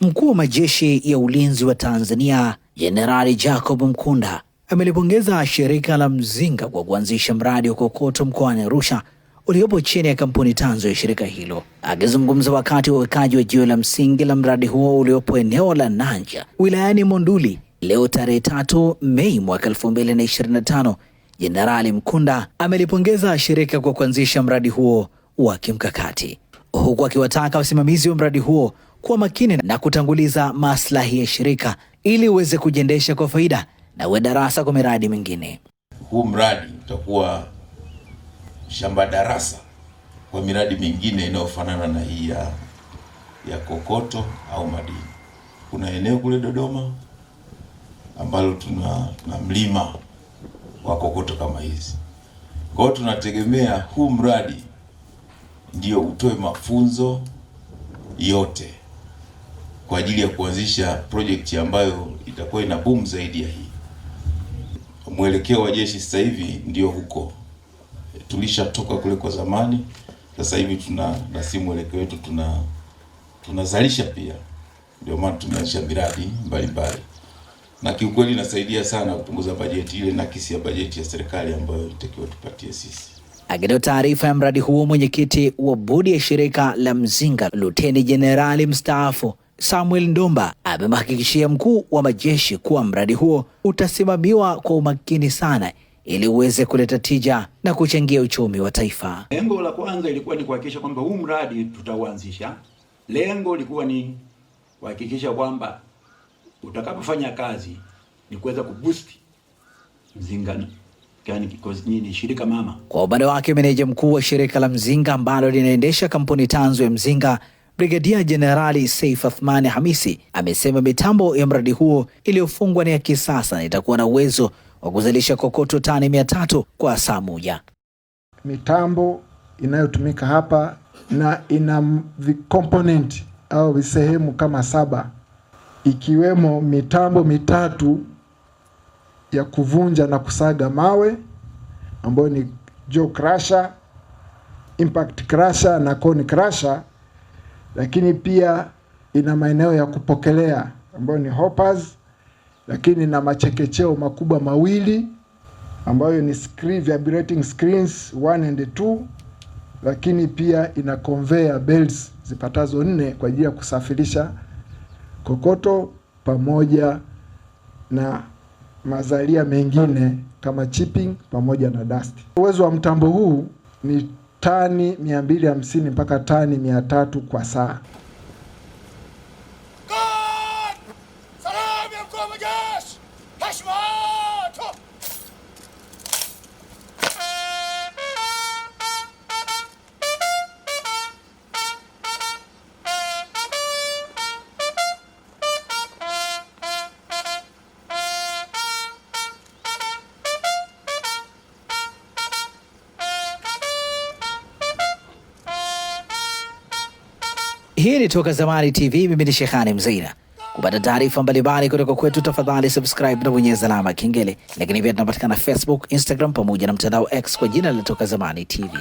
Mkuu wa majeshi ya ulinzi wa Tanzania Jenerali Jacob Mkunda amelipongeza shirika la Mzinga kwa kuanzisha mradi wa kokoto mkoani Arusha uliopo chini ya kampuni tanzo ya shirika hilo. Akizungumza wakati wa uwekaji wa jiwe la msingi la mradi huo uliopo eneo la Nanja wilayani Monduli leo tarehe tatu Mei mwaka 2025, Jenerali Mkunda amelipongeza shirika kwa kuanzisha mradi huo wa kimkakati huku akiwataka wasimamizi wa mradi huo kuwa makini na kutanguliza maslahi ya shirika ili uweze kujiendesha kwa faida na uwe darasa kwa miradi mingine. Huu mradi utakuwa shamba darasa kwa miradi mingine inayofanana na hii ya, ya kokoto au madini. Kuna eneo kule Dodoma ambalo tuna, tuna mlima wa kokoto kama hizi. Kwa hiyo tunategemea huu mradi ndio utoe mafunzo yote kwa ajili ya kuanzisha project ambayo itakuwa ina boom zaidi ya hii. Mwelekeo wa jeshi sasa hivi ndio huko, tulishatoka kule kwa zamani, sasa hivi tuna nasi mwelekeo wetu tuna tunazalisha pia, ndio maana tumeanzisha miradi mbalimbali na kiukweli inasaidia sana kupunguza bajeti ile nakisi ya bajeti ya serikali ambayo itakiwa tupatie sisi. Akitoa taarifa ya mradi huo, mwenyekiti wa bodi ya shirika la Mzinga Luteni Jenerali mstaafu Samuel Ndomba amemhakikishia mkuu wa majeshi kuwa mradi huo utasimamiwa kwa umakini sana ili uweze kuleta tija na kuchangia uchumi wa taifa. Lengo la kwanza ilikuwa ni kuhakikisha kwamba huu mradi tutauanzisha. Lengo lilikuwa ni kuhakikisha kwamba utakapofanya kazi ni kuweza kuboost Mzinga Shirika mama. Kwa upande wake meneja mkuu wa shirika la mzinga ambalo linaendesha kampuni tanzu ya mzinga brigedia Jenerali Saif Athmani Hamisi amesema mitambo ya mradi huo iliyofungwa ni ya kisasa na itakuwa na uwezo wa kuzalisha kokoto tani mia tatu kwa saa moja. Mitambo inayotumika hapa na ina vikomponenti au visehemu kama saba ikiwemo mitambo mitatu ya kuvunja na kusaga mawe ambayo ni jaw crusher, impact crusher na cone crusher, lakini pia ina maeneo ya kupokelea ambayo ni hoppers, lakini na machekecheo makubwa mawili ambayo ni screen, vibrating screens 1 and 2, lakini pia ina conveyor belts zipatazo nne kwa ajili ya kusafirisha kokoto pamoja na mazalia mengine kama chipping pamoja na dust. Uwezo wa mtambo huu ni tani 250 mpaka tani 300 kwa saa. Hii ni Toka Zamani TV. Mimi ni Shekhani Mzeina. Kupata taarifa mbalimbali kutoka kwetu, tafadhali subscribe na bonyeza alama kengele. Lakini pia tunapatikana Facebook, Instagram pamoja na mtandao X kwa jina la Toka Zamani TV.